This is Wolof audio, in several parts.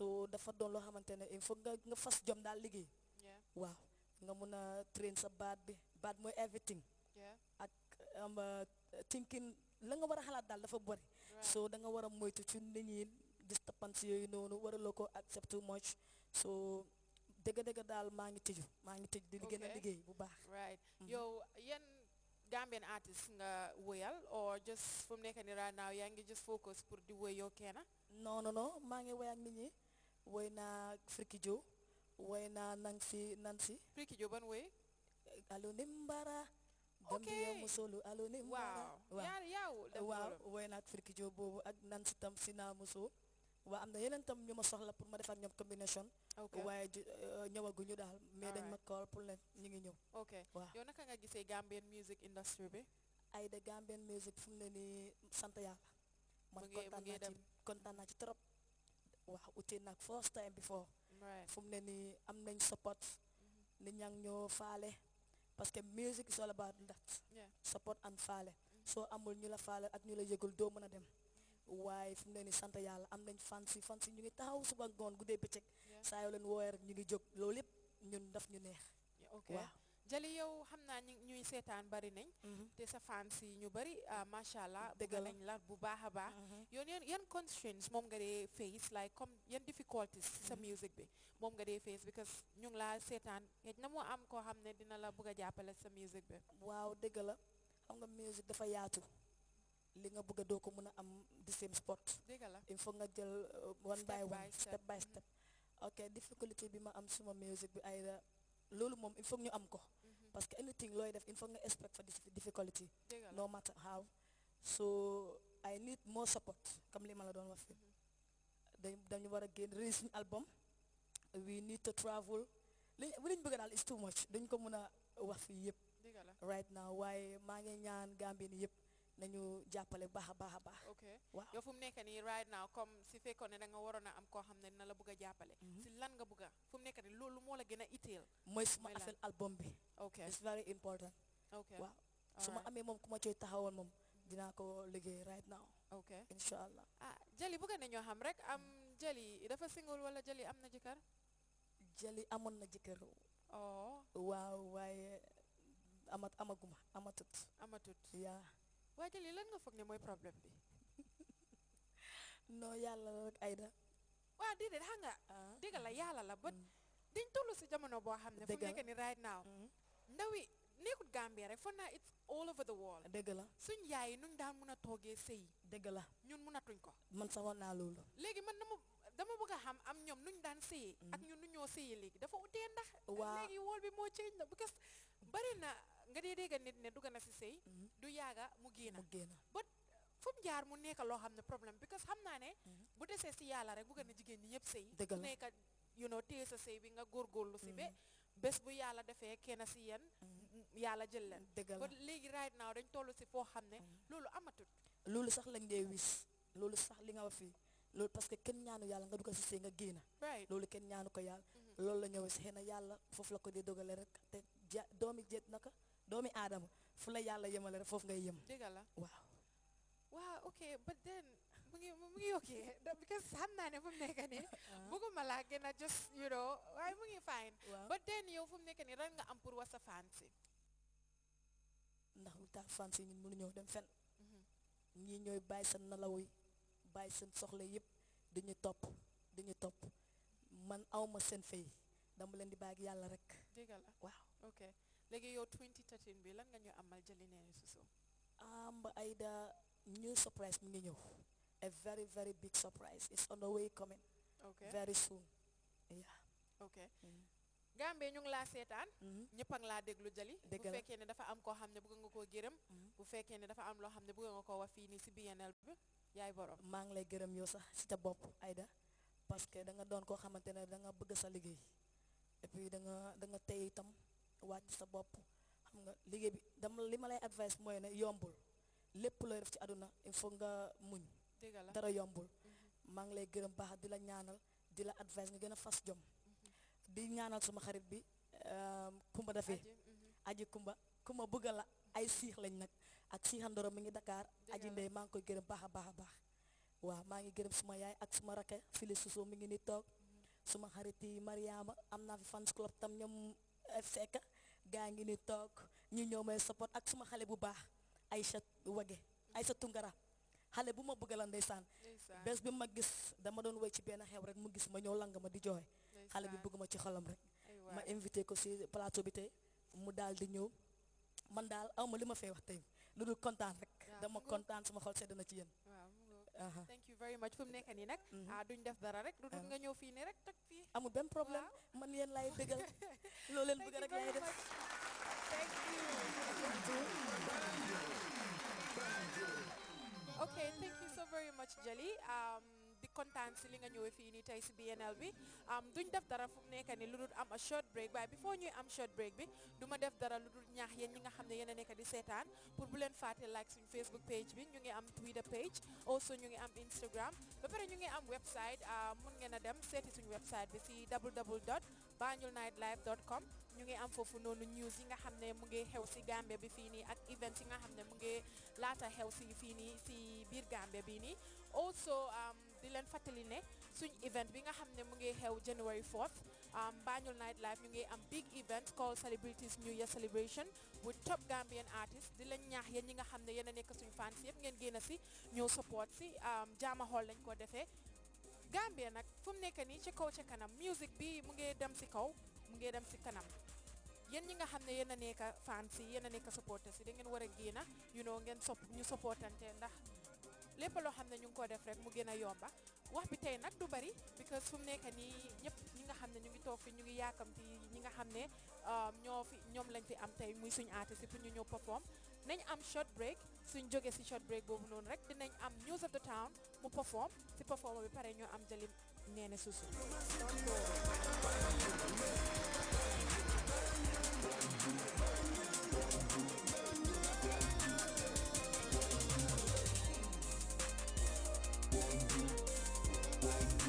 so dafa doon loo xamante ne il faut nga nga fas jom daal liggéey waaw nga mun a train sa baat bi baat mooy everything ak uh, thinking la nga war a xalaat daal dafa bëri so danga war a moytu ci nit ñi disturbance yooyu noonu waraloo ko accept too much so dëgg-dëgg daal maa ngi tëju maa ngi tëju di gën a liggéey bu baax right mhm. yow yan Gambian artist nga woyal or just fu mu nekk nii yaa ngi just focus pour di wëy yow keena non non maa ngi wëy wena frikijo wena nansi nansi frikijo ban way alo nimbara gambia okay. musolu alo nimbara wow Wow. yar yaw wa wena frikijo bobu ak nansi tam sina muso wa amna yenen tam ñuma soxla pour ma def ñom combination okay. waaye euh, ñëwaguñu dal mais dañ ma call pour ne ñi ngi ñew ok yow naka nga gisee Gambian music industry bi ay de Gambian music fu mu ne nii sant yàlla man ci ci trop wax uti nag first time before fu mu ne nii am nañ support mm-hmm. nit ñaa ngi ñoo faale parce que music is all baat ndax support am faale mm-hmm. soo amul ñu la faale ak ñu la yëgul doo mën a dem waaye fu mu ne nii sant yàlla am nañ fan si fan ñu ngi taxaw suba ngoon guddee bëccëg saa yoo leen wooyee rek ñu ngi jóg loolu yëpp ñun daf ñu neex waaw jali yow xam naa ñuy seetaan bari nañ mm-hmm. te sa fans yi ñu bari ah, macha allah bëgg nañ la bu baax a baax yoon mm-hmm. yoon yan constraints moom nga dee face like comme yan difficulties sa mm-hmm. music bi moom nga dee face because ñu ngi laa seetaan xëj na moo am koo xam ne dina la bëgg a jàppale sa music bi waaw dëgg la xam nga music dafa yaatu li nga bëgg doo ko mën a am the same spot dëgg la il faut nga jël uh, one by one step by step ok difficulté bi ma am suma music bi ay loolu moom il faut ñu am ko parce que anything looy def il faut nga expect for this difficulty no matter how so I need more support comme li ma la doon wax fi dañu war a génn release suñu album we need to travel li liñ bëgg daal is too much dañ ko mën a wax fii yëpp right now waaye maa ngi ñaan Gambie yëpp nañu jappalé baax a baax a ok yow fum nekk right now comme si fekkone da nga warona am ko xamné na la bëgga jappalé jàppale. Mhm. si lan nga bëgga fum nekk nii la gëna a moy suma affaire album bi. ok it's very important. ok wa suma amé mom kuma ku taxawon mom dina ko liggé right now. ok inshallah ah Jali bëgga nañu xam rek am Jali dafa single wala Jali amna jëkër Jali amon na jëkër oh waaw waaye amat amaguma amatut. amatut yeah waa te lii lan nga foog ne mooy problème bi. non yàlla la rek Aida. waaw déedéet xam nga. Ah. dégg la yàlla la ba. Mm. diñ toll si jamono boo xam ne. fu mu nekk nii right now. Mm-hmm. ndaw yi nekkut Gambia rek foog naa it's all over the world. dëgg la suñ yaay yi nuñ daan mun a toogee sëy. dëgg la ñun munatuñ ko. man saxoon naa loolu. léegi man dama dama bëgg xam am ñoom nuñ daan sëyee. ak mm. ñu nu ñoo sëyee léegi dafa utee ndax. léegi wool bi moo change na because bari nga dee dégg nit ne dugg na si sëy mm-hmm. du yaaga mu génna but fu mu jaar mu nekk loo xam ne problème because xam naa ne mm-hmm. bu desee si yàlla rek bëgg na jigéen ñi ñëpp sëy nekka you know téye sa sëy bi nga góor góorgóorlu si be mm-hmm. bés bu yàlla defee kenn si yéen yàlla jël leen but léegi right now dañ toll si foo xam ne loolu amatut loolu sax lañ dee wis loolu sax li nga wax fii loolu parce que kenn ñaanu yàlla nga dugg si sëy nga génna loolu kenn ñaanu ko yàlla loolu la ñëwee si xëy na yàlla foofu la ko dee dogale rek te ja doomi jeet naka doomi aadama fu la yàlla yemale rek foofu ngay yem. dëgg waaw. waaw ok but then mu ngi mu ngi ok because xam naa ne fu mu nekk nii. Ah. bëgguma laa gën a just you know mu ngi fine. waaw yow fu mu nekk nii ren nga am pour wasa fansi. ndax lu tax fansi ñun ñëw dem fen mhm. ñii ñooy bàyyi seen nalaw bàyyi seen soxla yëpp dañu topp dañu topp man awma seen fay dama leen di bàyyi yàlla rek. léegi yo 2013 bi lan nga amal jëli neen si Amba Aida new surprise mu ngi a very very big surprise it's on the way coming okay very soon yeah okay mm. gambe ñu ngi laa seetaan ñëpp mm-hmm. a ngi déglu jali bu fekkee ne dafa am ko xamné ne bëgg nga ko gërëm mm-hmm. bu fekkee ne dafa am lo xamné bëgg nga ko wax fi ni si BNL bi yaay borom ma ngi lay gërëm yow sax si ta bop Aida parce que da nga doon ko xamante ne da nga bëgg sa liggéey et puis da nga da nga itam wàcc sa bopp xam nga liggéey bi dama li ma lay advice mooy ne yombul lépp looy def ci aduna il faut nga muñ dara yombul mhm. maa ngi lay gërëm baax di la ñaanal di la advice nga gën a fas jom mhm. di ñaanal sama xarit bi ehm, kumba dafee mhm. aji kumba kumba bëgg la ay siix lañ nag ak siixandoro mi ngi Dakar aji ndey maa ngi koy gërëm baax a baax a baax waaw ngi gërëm suma yaay ak suma rake fili suso mi ngi ni toog suma xarit yi Mariama am fi fans club tam ñoom eh, fekka gaa ngi ni toog ñu ñëw may support ak suma xale bu baax ay Aïcha Wage Aïcha Tungara xale bu ma bëgg la ndeysaan bés bi ma gis dama doon woy ci benn xew rek mu gis ma ñëw lang ma di jooy xale bi bëgg ma ci xolam rek ma invité ko si plateau bi tey mu daal di ñëw man daal awma li ma fee wax tey lu dul kontaan rek dama kontaan sama xol sedd na ci yéen Uh-huh. thank you very much fu mu nekk nii nag mm-hmm. ah duñ def dara rek du dul uh-huh. nga ñëw fii nii rek teg fii amul benn problème man yéen laay dëggal loolu leen bëgg rek laay def thank you okay thank you so very much Jali um kontaan si li nga ñëwee fii nii tey si BNL bi duñ def dara fu mu nekk lu dul am a short break waaye before ñuy am short break bi du ma def dara lu dul ñaax yéen ñi nga xam ne yéen a nekk di seetaan pour bu leen fàtte like suñ Facebook page bi ñu ngi am Twitter page also ñu ngi am Instagram ba pare ñu ngi am website ah, mun ngeen na dem seeti suñ website bi si www dot banjulnightlife dot com ñu ngi am foofu noonu news yi nga xam ne mu ngi xew si Gambia bi fii nii ak events yi nga ne mu ngi laata xew si fii nii si biir Gambia bii nii di leen fàttali ne suñ event bi nga xam ne mu ngi xew January 4th um, Banjul Nightlife ñu ngi am big event called Celebrities New Year Celebration with top Gambian artists di leen ñaax yéen ñi nga xam ne yéen a nekk suñ fans yëpp ngeen génn si ñëw support si um, Jaama Hall lañ ko defee Gambia nag fu mu nekk nii ci kaw ci kanam music bi mu ngi dem si kaw mu ngi dem si kanam yéen ñi nga xam ne yéen a nekk fans si yéen a nekk supporters yi da ngeen war a génn you know lépp loo xam ne ñu ngi ko def rek mu gën a yomba wax bi tey nag du bari because fu mu nekk nii ñëpp ñi nga xam ne ñu ngi toog fi ñu ngi yaakamti ñi nga xam ne um, ñoo fi ñoom lañ fi am tey muy suñu artiste pour ñu ñëw perform nañ am short break suñ jógee si short break boobu noonu rek dinañ am news of the town mu perform si perform bi pare ñoo am jëli neene suusu One, two, one, two.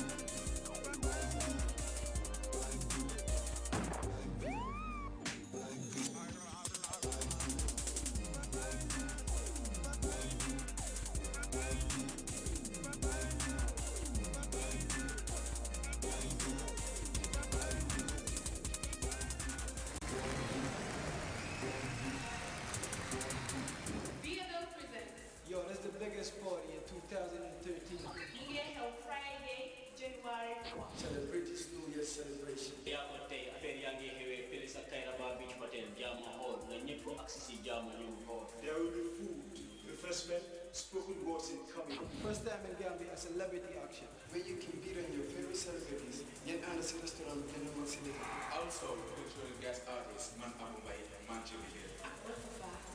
celebrity Where you compete on your favorite celebrities, restaurant in New York City. Also, featuring guest artists Man Abumbai and Man Jimile.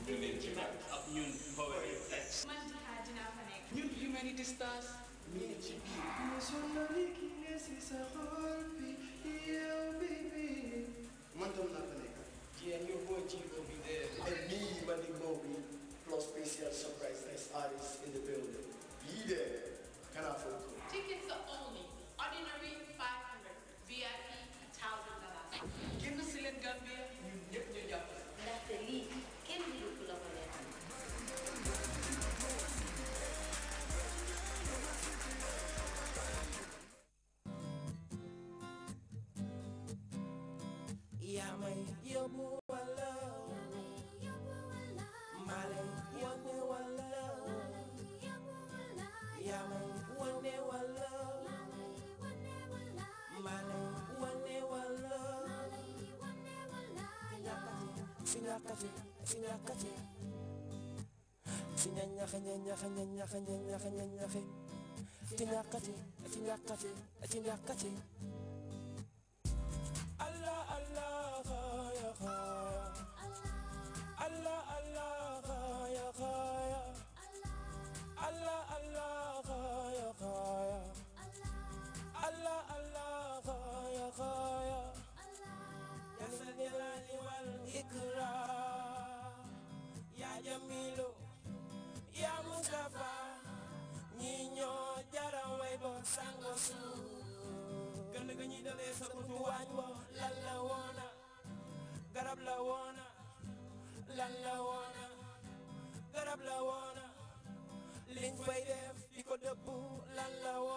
Nyun Jimat. Nyun Poetry power Man Jihadina Panek. Nyun Humanity Stars. Nyun Chibi. Nationality is a heartbeat. baby. Man Tomna Panek. Yeah, your boy G will be there. And me, Mandy Moby, plus special surprise guest artists in the building. ñakati si ñakati si ñañaxe ñañaxe ñañaxe ñañaxe ñañaxe ci ñakati ci ñakati bañ wo wana, la woona garab la woona lan la woona garab la woona liñ fay def di ko